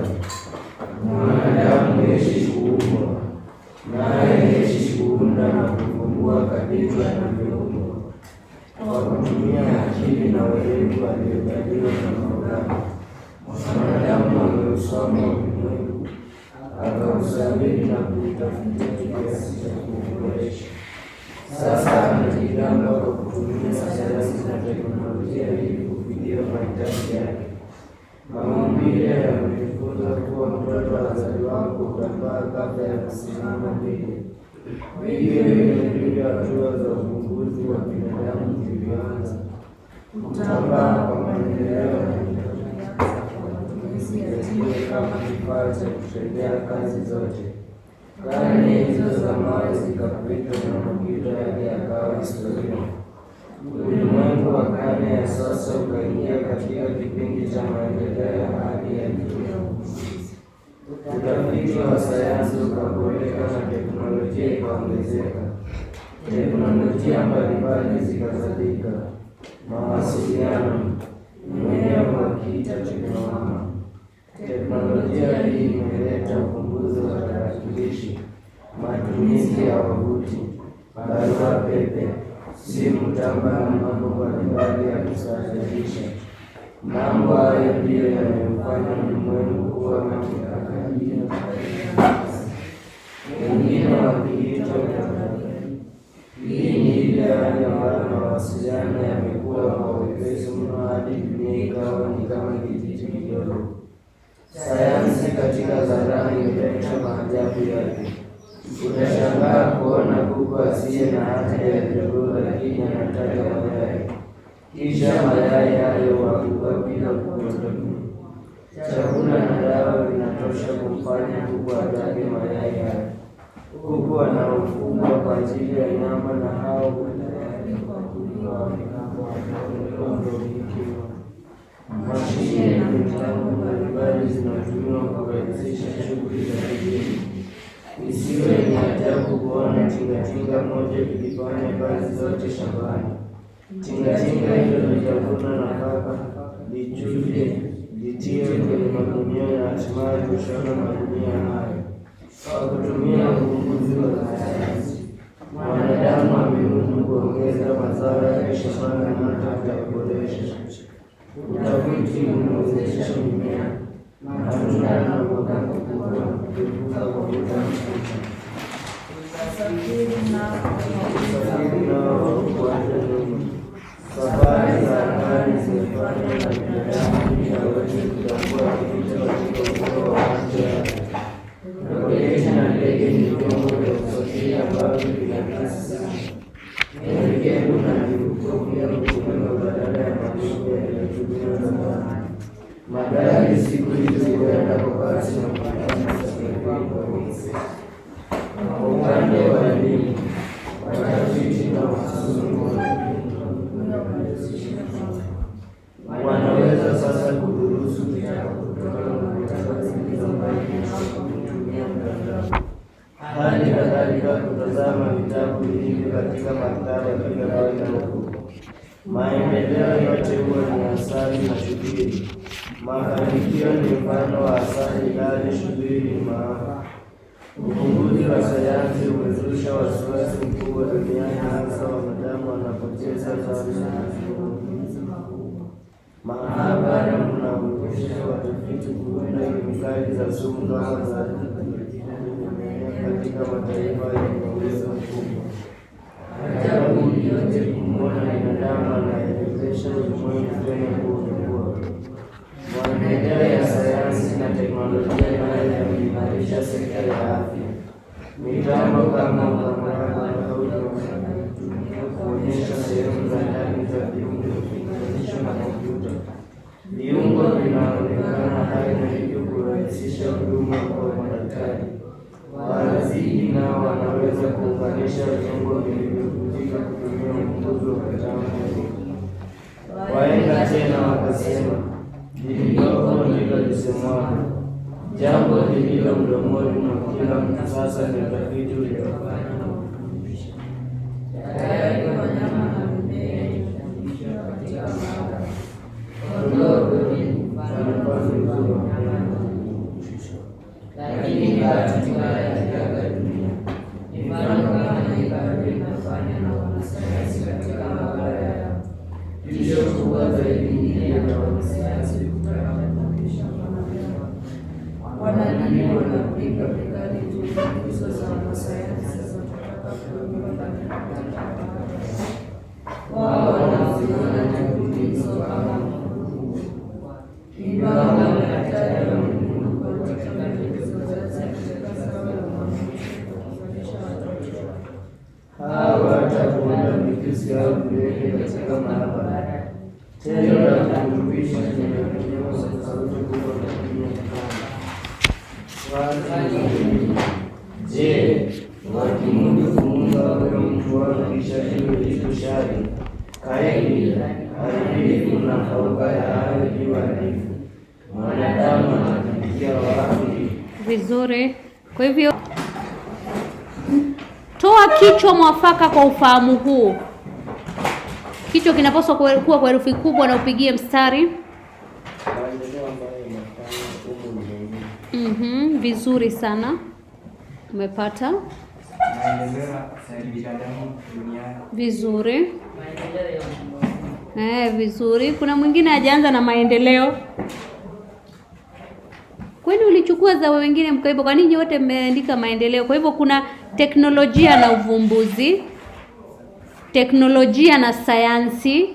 dhambi. Mwanadamu yeshikugundwa naye yeshikugunda na kuvumbua kabisa na viungo kwa kutumia akili na uelevu aliyojaliwa na Maulana, mwanadamu ameusoma ulimwengu akausabiri na kuitafutia kiasi cha kuuboresha. Sasa amejigamba kwa kutumia sayansi na teknolojia ili kufikia mahitaji yake. Maumbile ya kuwa mtoto wa wazazi wako utapaa kabla ya kusimama mbele. Hivyo hivyo hatua za ufunguzi wa binadamu zilivyoanza kutambaa kwa maendeleo kwa matumizi kama kifaa cha kutendea kazi zote. Karne hizo za mawe zikapitwa na mapito yake yakawa historia. Ulimwengu wa karne ya utafiti wa sayansi ukaboreka na teknolojia ikaongezeka, teknolojia mbalimbali zikazalika, mawasiliano mwenyewe wakiita teknohama. Teknolojia hii imeleta uvumbuzi wa tarakilishi, matumizi ya wavuti, barua pepe, simu tamba na mambo mbalimbali ya kustaajabisha. Mambo hayo ndiyo yamemfanya ulimwengu kuwa katika kajii wengine wakiitwa Tanzania. Hii ni ile hali ambayo mawasiliano yamekuwa kwa wepesi mno hadi dunia ikawa ni kama kijiji kidogo. Sayansi katika zarani imeleta maajabu yake. Utashangaa kuona kuku asiye na haja ya jogoo, lakini anataja mayai kisha mayai hayo huagikwa bila kukodolewa. Chakula na dawa vinatosha kumfanya kuku atage mayai hayo. Kuku anaofugwa kwa ajili ya nyama na hao mashine na mitambo mbalimbali zinatumiwa kuwezesha shughuli za kilimo. Isiwe ni ajabu kuona tingatinga moja ikifanya kazi zote shambani. Tingatinga nitavuna nafaka, lichuje, litie kwenye magunia na hatimaye kushona magunia hayo. Kwa kutumia nguvu za sayansi, mwanadamu amedumu kuongeza mazao yake shambani na hata kuyaboresha. Utafiti umewezesha mimea, matunda na mboga kukua na kutukuka kwa muda mfupi. Usafiri nao kuaja safari za ndani zilifanya katika maktaba kila baada ya Maendeleo yote huwa ni asali na shubiri. Mafanikio ni mfano wa asali, ilali shubiri ni maafa. Uvumbuzi wa sayansi umezusha wasiwasi mkubwa duniani, hasa wanadamu wanapocheza maabara kuwezesha watafiti kuunda kemikali za sumu kama za katika mataifa yenye uwezo mkubwa. Ajabu yote kumwona binadamu anayewezesha ulimwengu tena kuunyakua. Maendeleo ya sayansi na teknolojia nayo yameimarisha sekta ya afya. Mitambo kama maabara au inayotumia kuonyesha sehemu za ndani za viungo ikilinganishwa na kompyuta, viungo vinaonekana hai na hivyo kurahisisha huduma kwa madaktari. Warazidi nao wanaweza kuunganisha viungo Yohana akasema, ndilo lisemwalo. Jambo lililo mdomoni mwa kila mtu sasa ni utafiti uliofanywa na mtumishi. lakini kushari kaeni haribiki na kauka ya hayo jua mwanadamu anafikia wapi? Vizuri. Kwa hivyo toa kichwa mwafaka kwa ufahamu huu. Kichwa kinapaswa kuwa kwa herufi kubwa na upigie mstari. Mm-hmm, vizuri sana umepata vizuri. Eh, vizuri. Kuna mwingine hajaanza na maendeleo mkachukua za wengine mkaiba. Kwa nini wote mmeandika maendeleo? Kwa hivyo kuna teknolojia na uvumbuzi, teknolojia na sayansi,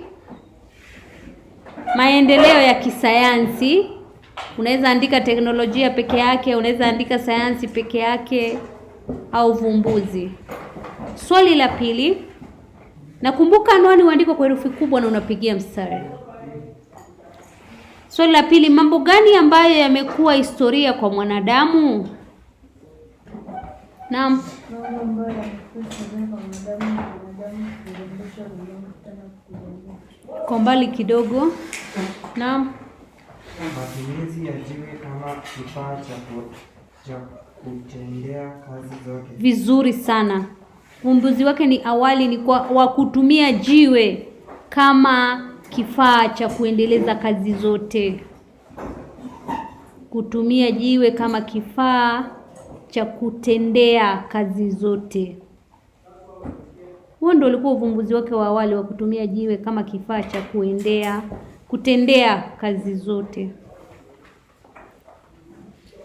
maendeleo ya kisayansi. Unaweza andika teknolojia peke yake, unaweza andika sayansi peke yake au uvumbuzi. Swali la pili, nakumbuka anwani uandiko kwa herufi kubwa na unapigia mstari. Swali la pili, mambo gani ambayo yamekuwa historia kwa mwanadamu? Naam. Kwa mbali kidogo. Naam. Matumizi ya jiwe kama kifaa cha kutendea kazi zote. Vizuri sana. Umbuzi wake ni awali ni kwa wa kutumia jiwe kama kifaa cha kuendeleza kazi zote, kutumia jiwe kama kifaa cha kutendea kazi zote. Huo ndio ulikuwa uvumbuzi wake wa awali wa kutumia jiwe kama kifaa cha kuendea kutendea kazi zote.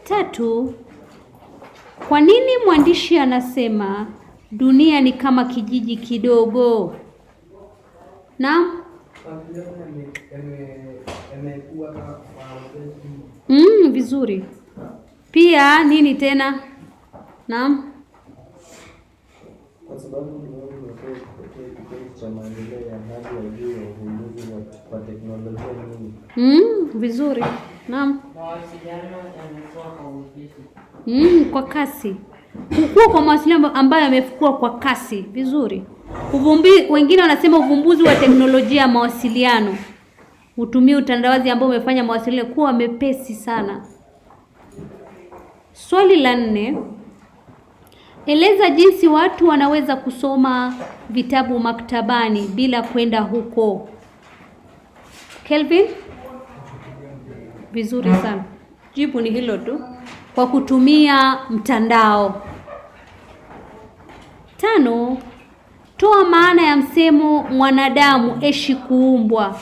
Tatu, kwa nini mwandishi anasema dunia ni kama kijiji kidogo? Naam, Mm, vizuri. Pia nini tena? Naam. Kwa sababu cha maendeleo ya hali ya juu ya uvumbuzi wa teknolojia Mm, vizuri. Naam. Mawasiliano yamekuwa kwa upesi. Mm, kwa kasi. Kukua kwa mawasiliano ambayo yamekuwa kwa kasi. Vizuri. Uvumbi, wengine wanasema uvumbuzi wa teknolojia ya mawasiliano, utumie utandawazi ambao umefanya mawasiliano kuwa mepesi sana. Swali la nne, eleza jinsi watu wanaweza kusoma vitabu maktabani bila kwenda huko. Kelvin, vizuri sana, jibu ni hilo tu, kwa kutumia mtandao. Tano, Toa maana ya msemo mwanadamu eshi kuumbwa,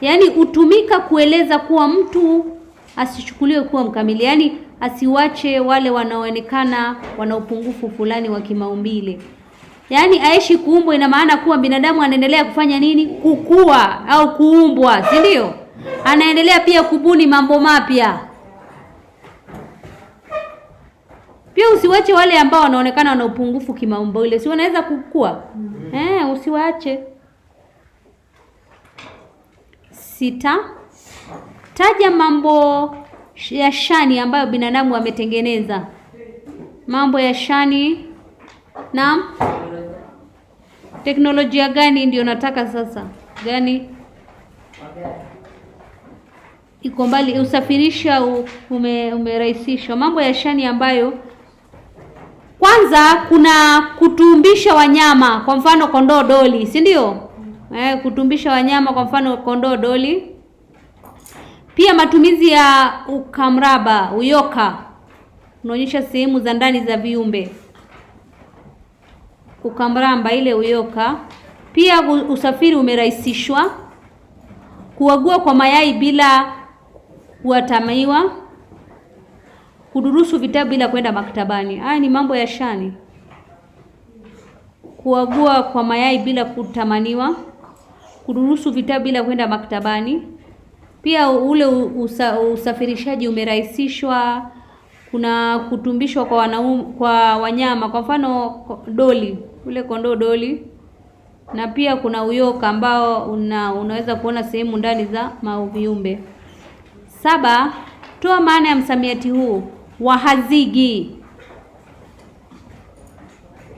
yaani hutumika kueleza kuwa mtu asichukuliwe kuwa mkamili, yaani asiwache wale wanaoonekana wana upungufu fulani wa kimaumbile. Yaani aishi kuumbwa, ina maana kuwa binadamu anaendelea kufanya nini? Kukua au kuumbwa, si ndio? Anaendelea pia kubuni mambo mapya, Pia usiwache wale ambao wanaonekana wana upungufu kimaumbile, si wanaweza kukua mm -hmm. Eh, usiwache. Sita, taja mambo ya shani ambayo binadamu ametengeneza. Mambo ya shani Naam, teknolojia gani ndio nataka sasa, gani iko mbali, usafirisha umerahisishwa, ume mambo ya shani ambayo kwanza kuna kutumbisha wanyama, kwa mfano kondoo doli, si ndio? Mm. Eh, kutumbisha wanyama, kwa mfano kondoo doli. Pia matumizi ya ukamraba, uyoka unaonyesha sehemu za ndani za viumbe. ukamramba ile uyoka. Pia usafiri umerahisishwa. Kuagua kwa mayai bila kuatamiwa kudurusu vitabu bila kwenda maktabani. Haya ni mambo ya shani. Kuagua kwa mayai bila kutamaniwa, kudurusu vitabu bila kwenda maktabani. Pia ule usa, usafirishaji umerahisishwa. Kuna kutumbishwa kwa wanaume, kwa wanyama, kwa mfano doli, ule kondoo doli, na pia kuna uyoka ambao una, unaweza kuona sehemu ndani za mauviumbe. Saba, toa maana ya msamiati huu. Wahazigi.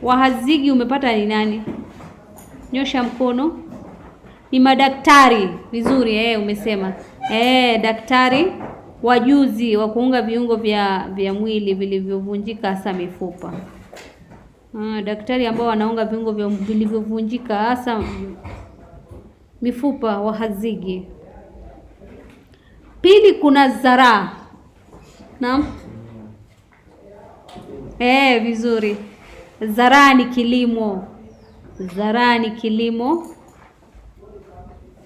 Wahazigi umepata ni nani? Nyosha mkono. Ni madaktari. Vizuri eh, umesema eh, daktari wajuzi wa kuunga viungo vya vya mwili vilivyovunjika hasa mifupa. Ah, daktari ambao wanaunga viungo vilivyovunjika hasa mifupa, wahazigi. Pili, kuna zaraa. Naam eh, vizuri. Zaraa ni kilimo, zaraa ni kilimo.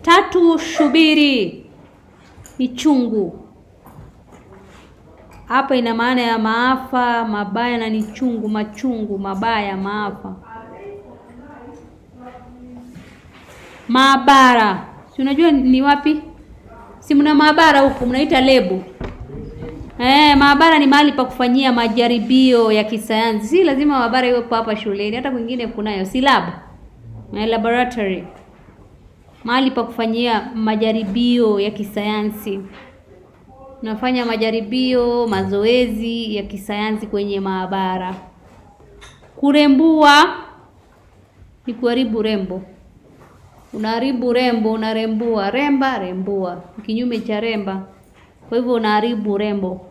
Tatu, shubiri ni chungu. Hapa ina maana ya maafa mabaya na ni chungu, machungu mabaya, maafa. Maabara, si unajua ni wapi? Si mna maabara huku mnaita lebu Eh, maabara ni mahali pa kufanyia majaribio ya kisayansi. Si lazima maabara iwe hapa shuleni, hata kwingine kunayo, si lab. Eh, laboratory. Mahali pa kufanyia majaribio ya kisayansi. Unafanya majaribio, mazoezi ya kisayansi kwenye maabara. Kurembua ni kuharibu rembo. Unaharibu rembo, unarembua. Remba, rembua. Kinyume cha remba. Kwa hivyo unaharibu rembo.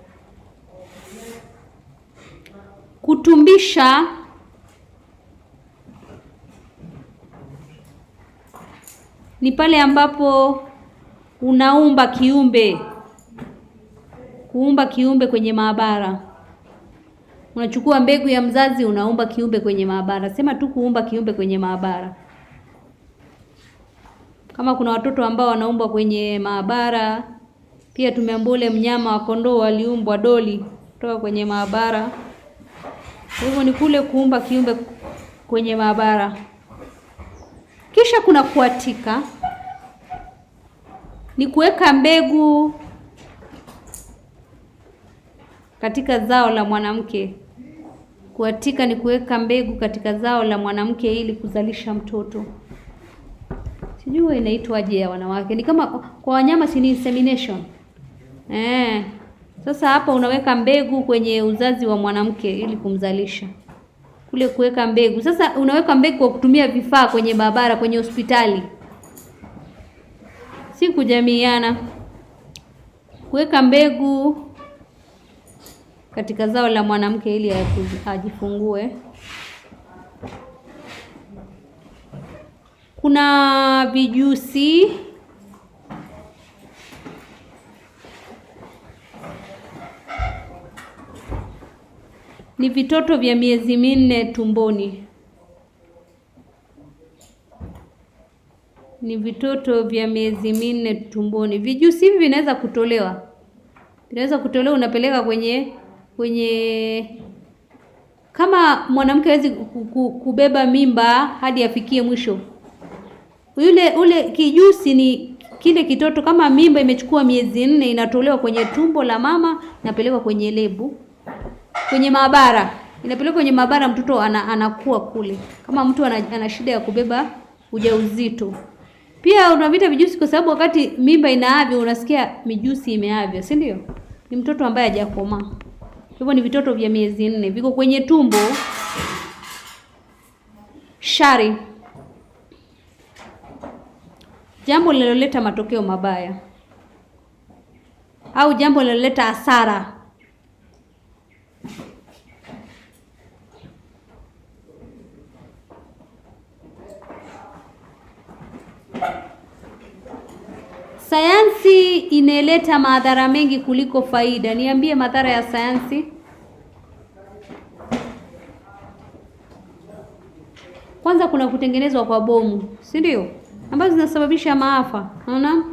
kutumbisha ni pale ambapo unaumba kiumbe, kuumba kiumbe kwenye maabara. Unachukua mbegu ya mzazi, unaumba kiumbe kwenye maabara. Sema tu kuumba kiumbe kwenye maabara. Kama kuna watoto ambao wanaumbwa kwenye maabara, pia tumeambua ule mnyama wa kondoo aliumbwa doli kutoka kwenye maabara. Kwa hivyo ni kule kuumba kiumbe kwenye maabara. Kisha kuna kuatika, ni kuweka mbegu katika zao la mwanamke. Kuatika ni kuweka mbegu katika zao la mwanamke ili kuzalisha mtoto. Sijui inaitwaje ya wanawake, ni kama kwa wanyama si ni insemination eh. Sasa hapa unaweka mbegu kwenye uzazi wa mwanamke ili kumzalisha, kule kuweka mbegu. Sasa unaweka mbegu kwa kutumia vifaa kwenye maabara, kwenye hospitali, si kujamiiana. Kuweka mbegu katika zao la mwanamke ili ajifungue. Kuna vijusi ni vitoto vya miezi minne tumboni, ni vitoto vya miezi minne tumboni. Vijusi hivi vinaweza kutolewa, vinaweza kutolewa, unapeleka kwenye kwenye kama mwanamke hawezi kubeba mimba hadi afikie mwisho, yule ule kijusi ni kile kitoto. Kama mimba imechukua miezi nne, inatolewa kwenye tumbo la mama, napelekwa kwenye lebu kwenye maabara, inapelekwa kwenye maabara, mtoto ana, anakuwa kule, kama mtu ana, ana shida ya kubeba ujauzito. Pia unavita vijusi, kwa sababu wakati mimba inaavya unasikia mijusi imeavya, si ndio? Ni mtoto ambaye hajakomaa. Hivyo ni vitoto vya miezi nne, viko kwenye tumbo. Shari, jambo linaloleta matokeo mabaya au jambo linaloleta hasara sayansi inaleta madhara mengi kuliko faida. Niambie madhara ya sayansi. Kwanza kuna kutengenezwa kwa bomu, si ndio? Ambazo zinasababisha maafa. Unaona?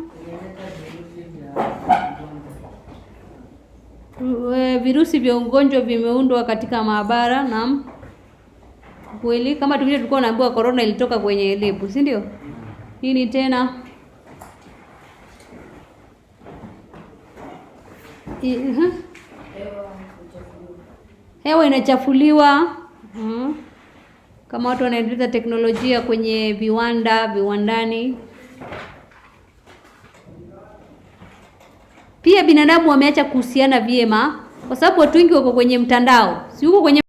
Eh, virusi vya ugonjwa vimeundwa katika maabara. Naam, kweli. Kama tulivyo tulikuwa naambiwa corona ilitoka kwenye lebu, si ndio? Nini tena? huh mhm. Hewa inachafuliwa uh-huh. Kama watu wanaendeleza teknolojia kwenye viwanda viwandani, pia binadamu wameacha kuhusiana vyema, kwa sababu watu wengi wako kwenye mtandao, si kwenye